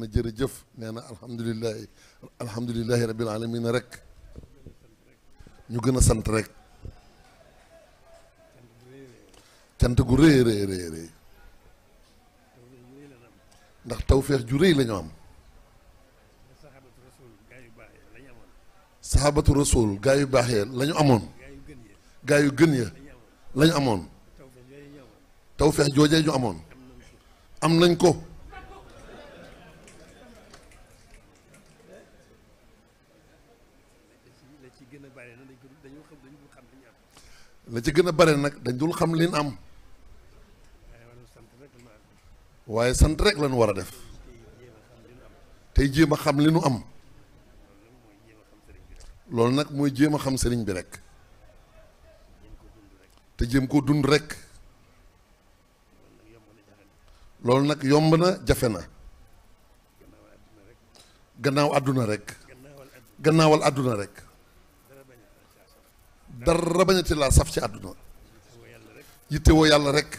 na jërëjëf nee na alhamdulilahi alhamdulilahi rabil alamin rek ñu gën a sant rek cant gu rëy rëy rëy rëy ndax tawféex ju rëy la ñu am sahabatu rasul gaa yu baax ya la amoon gaa yu gën ya la joojee ñu amoon am nañ ko ci gën a bare nag dañu xam dañu dul la ci gën a bare nag dañ dul xam liin ñu am. waaye sant rek lañu war a def. tey jéem a xam li nu am. loolu nag mooy jéem a xam sëriñ bi rek. te jéem koo dund rek. loolu nag yomb na jafe na. gannaaw àdduna rek gannaawal àdduna rek dara bañati laa saf ci àdduna yittewoo yàlla rek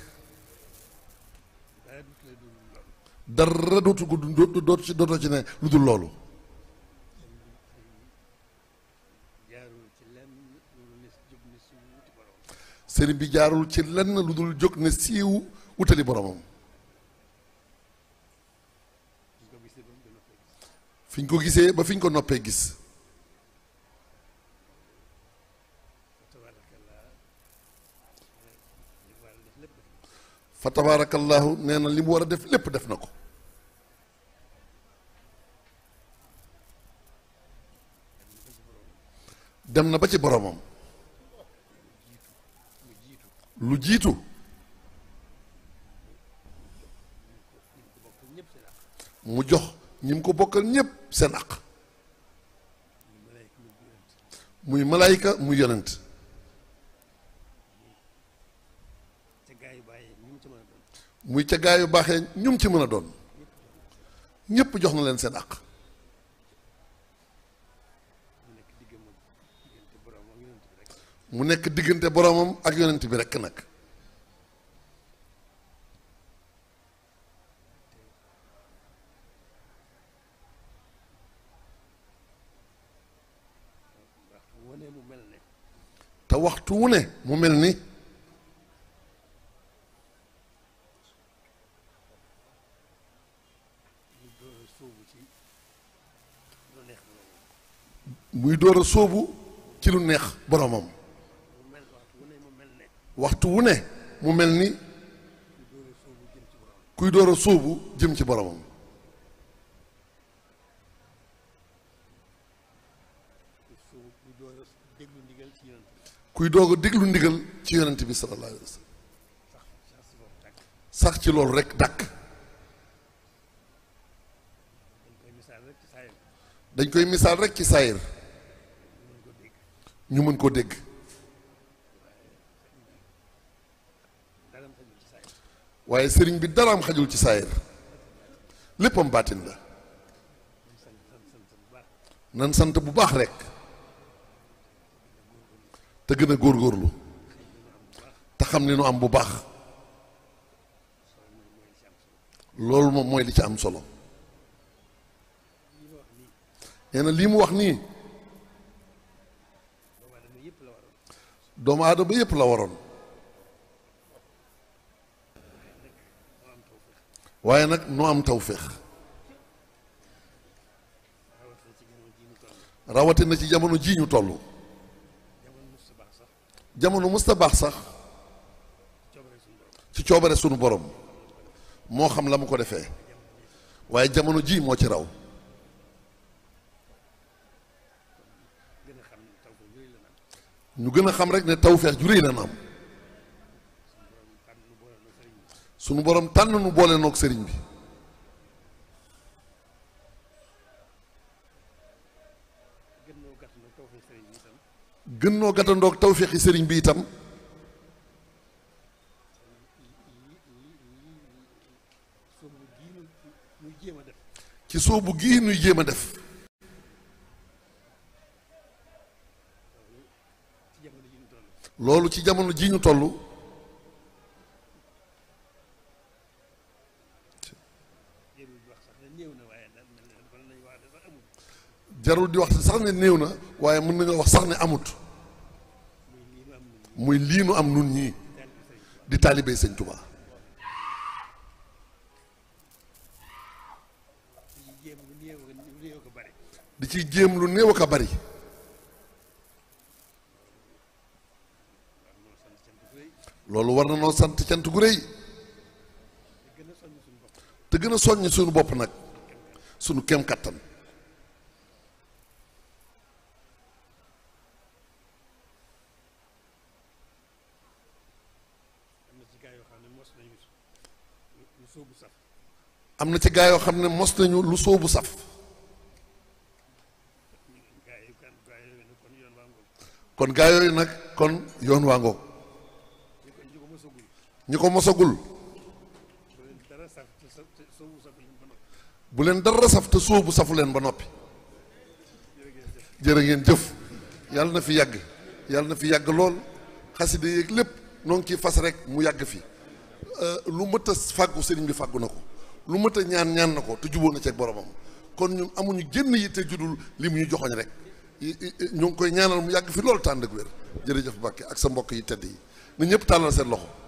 dara dootu ko dootu dootu ci dootu ci ne lu dul loolu sëriñ bi jaarul ci lenn lu dul jóg ne siiw wutali boromam fi ñu ko gisee ba fi ñu ko noppee gis fa tabaarakallahu nee na li mu war a def lépp def na ko dem na ba ci boromam lu jiitu mu jox ñi mu ko bokkal ñépp seen aq muy malaayika muy yonent muy ca gaa yu baaxee ñum ci mën a doon ñépp jox na leen seen àq mu nekk diggante boromam ak yonent bi rekk nag te waxtu wu mu mel ni door sóobu ci lu neex boromam waxtu wu ne mu mel ni kuy door a sóobu jëm ci boromam kuy doog a déglu ndigal ci yonent bi sallallahu sax ci loolu rek dàkk dañ koy misaal rek ci saayir ñu mën koo dégg waaye sëriñ bi daraam xajul ci saayir léppam baatin la nan sant bu baax rekk te gën a góorlu te xam li nu am bu baax loolu moom mooy li ci am solo nee lii mu wax nii doomu aadama yépp la waroon waaye nag nu am tawféex rawatina ci jamono jii ñu toll jamono musta baax sax ci coobare sunu borom moo xam la mu ko defee waaye jamono jii moo ci raw ñu gën a xam rek ne tawfeex ju réy la na am sunu borom tànn nu boole noog sëriñ bi gën noo gàttandoog tawfeexi sëriñ bi itam ci soobu gii nuy jéem a def loolu ci jamono jii ñu toll jarul di wax sax ne néew na waaye mën nañoo wax sax ne amut muy lii nu am nun ñii di taalibey sëñ Tuubaa di ci jéem lu néew a bari loolu war na noo sant cant gu rëy te gën a soññ suñu bopp nag suñu kem kattan am na ci gaa yoo xam ne mos nañu lu sóobu saf kon gaa yooyu nag kon yoon waa ngoog ñu ko mosagul bu leen dara saf te sóobu safu leen ba noppi jërë ngeen jëf yàlla na fi yàgg yàlla na fi yàgg lool xasida yeeg lépp noo ngi ciy fas rek mu yàgg fi euh, lu mët a fàggu sëriñ bi fàggu na ko lu mët a ñaan ñaan na ko te jubóo na ceeg boromam kon ñun amuñu génn yi te judul li mu ñu joxoñ rek ñu ngi koy ñaanal mu yàgg fi loolu tànd ak wér jërëjëf Mbàkke ak sa mbokk yi tedd yi na ñëpp tàllal seen loxo